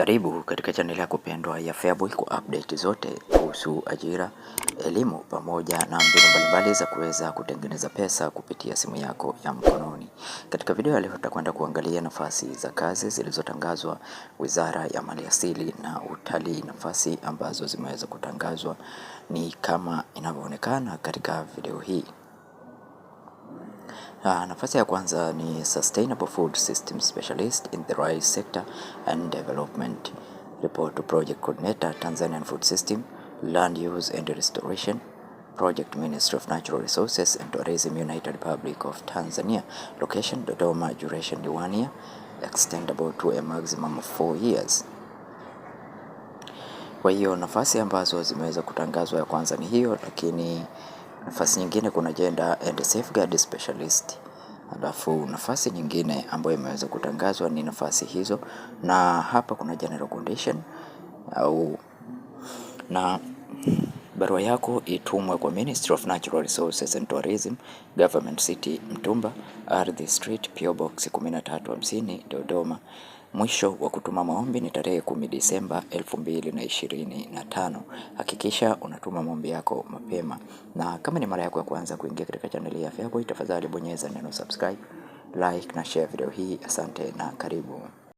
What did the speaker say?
Karibu katika chaneli yako pendwa ya Feaboy kwa update zote kuhusu ajira, elimu pamoja na mbinu mbalimbali za kuweza kutengeneza pesa kupitia simu yako ya mkononi. Katika video ya leo tutakwenda kuangalia nafasi za kazi zilizotangazwa Wizara ya Maliasili na Utalii. Nafasi ambazo zimeweza kutangazwa ni kama inavyoonekana katika video hii. Uh, nafasi ya kwanza ni Sustainable Food System Specialist in the Rice Sector and Development. Report to Project Coordinator, Tanzanian Food System, Land Use and Restoration, Project Ministry of Natural Resources and Tourism, United Republic of Tanzania. Location Dodoma, duration one year, extendable to a maximum of four years. Kwa hiyo nafasi ambazo zimeweza kutangazwa ya kwanza ni hiyo, lakini Nafasi nyingine kuna Gender and Safeguard Specialist. Alafu nafasi nyingine ambayo imeweza kutangazwa ni nafasi hizo, na hapa kuna general condition au na barua yako itumwe kwa Ministry of Natural Resources and Tourism, Government City Mtumba, Ardhi Street, PO Box 1350, Dodoma. Mwisho wa kutuma maombi ni tarehe kumi Disemba elfu mbili na ishirini na tano. Hakikisha unatuma maombi yako mapema, na kama ni mara yako ya kwanza kuingia katika chaneli ya FEABOY, tafadhali bonyeza neno subscribe, like na share video hii. Asante na karibu.